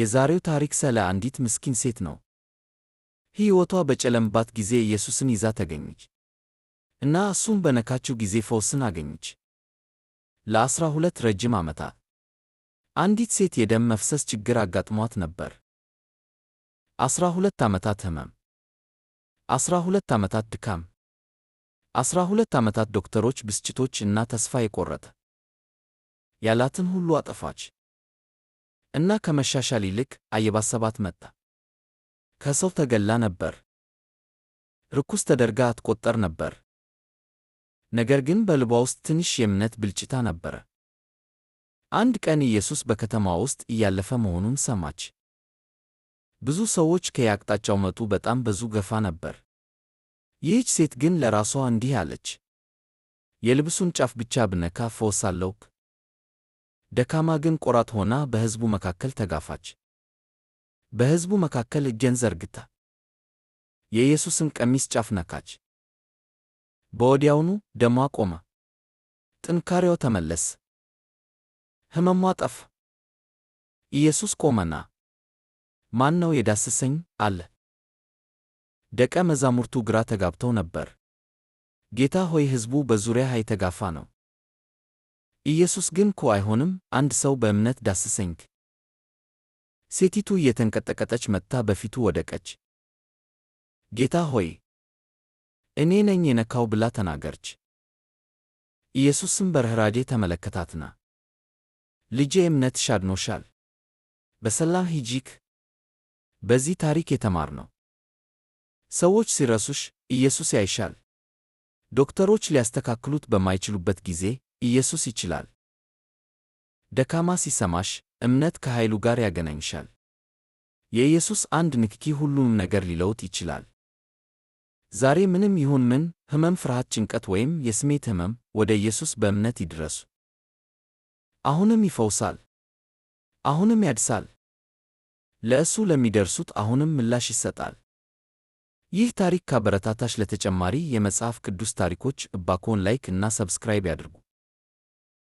የዛሬው ታሪክ ስለ አንዲት ምስኪን ሴት ነው። ሕይወቷ በጨለመባት ጊዜ ኢየሱስን ይዛ ተገኘች እና እሱም በነካችው ጊዜ ፈውስን አገኘች። ለዐሥራ ሁለት ረጅም ዓመታት አንዲት ሴት የደም መፍሰስ ችግር አጋጥሟት ነበር። ዐሥራ ሁለት ዓመታት ሕመም፣ ዐሥራ ሁለት ዓመታት ድካም፣ ዐሥራ ሁለት ዓመታት ዶክተሮች፣ ብስጭቶች እና ተስፋ የቆረጠ ያላትን ሁሉ አጠፋች። እና ከመሻሻል ይልቅ አየባሰባት መጣ። ከሰው ተገላ ነበር። ርኩስ ተደርጋ አትቆጠር ነበር። ነገር ግን በልቧ ውስጥ ትንሽ የእምነት ብልጭታ ነበረ። አንድ ቀን ኢየሱስ በከተማ ውስጥ እያለፈ መሆኑን ሰማች። ብዙ ሰዎች ከየአቅጣጫው መጡ። በጣም ብዙ ገፋ ነበር። ይህች ሴት ግን ለራሷ እንዲህ አለች፣ የልብሱን ጫፍ ብቻ ብነካ እፈወሳለሁ። ደካማ ግን ቆራት ሆና በሕዝቡ መካከል ተጋፋች። በሕዝቡ መካከል እጄን ዘርግታ የኢየሱስን ቀሚስ ጫፍ ነካች። በወዲያውኑ ደሟ ቆመ፣ ጥንካሬው ተመለስ፣ ሕመሟ ጠፍ ኢየሱስ ቆመና ማን ነው የዳስሰኝ አለ። ደቀ መዛሙርቱ ግራ ተጋብተው ነበር። ጌታ ሆይ ሕዝቡ በዙሪያ የተጋፋ ነው ኢየሱስ ግን ኮ አይሆንም፣ አንድ ሰው በእምነት ዳስሰኝ። ሴቲቱ እየተንቀጠቀጠች መጥታ በፊቱ ወደቀች። ጌታ ሆይ እኔ ነኝ የነካው ብላ ተናገርች! ኢየሱስም በርኅራዴ ተመለከታትና ልጄ እምነት ሻድኖሻል፣ በሰላም ሂጂክ። በዚህ ታሪክ የተማርነው ሰዎች ሲረሱሽ ኢየሱስ ያይሻል። ዶክተሮች ሊያስተካክሉት በማይችሉበት ጊዜ ኢየሱስ ይችላል። ደካማ ሲሰማሽ እምነት ከኃይሉ ጋር ያገናኝሻል። የኢየሱስ አንድ ንክኪ ሁሉንም ነገር ሊለውጥ ይችላል። ዛሬ ምንም ይሁን ምን፣ ሕመም፣ ፍርሃት፣ ጭንቀት ወይም የስሜት ሕመም ወደ ኢየሱስ በእምነት ይድረሱ። አሁንም ይፈውሳል። አሁንም ያድሳል። ለእሱ ለሚደርሱት አሁንም ምላሽ ይሰጣል። ይህ ታሪክ ካበረታታሽ፣ ለተጨማሪ የመጽሐፍ ቅዱስ ታሪኮች እባኮን ላይክ እና ሰብስክራይብ ያድርጉ።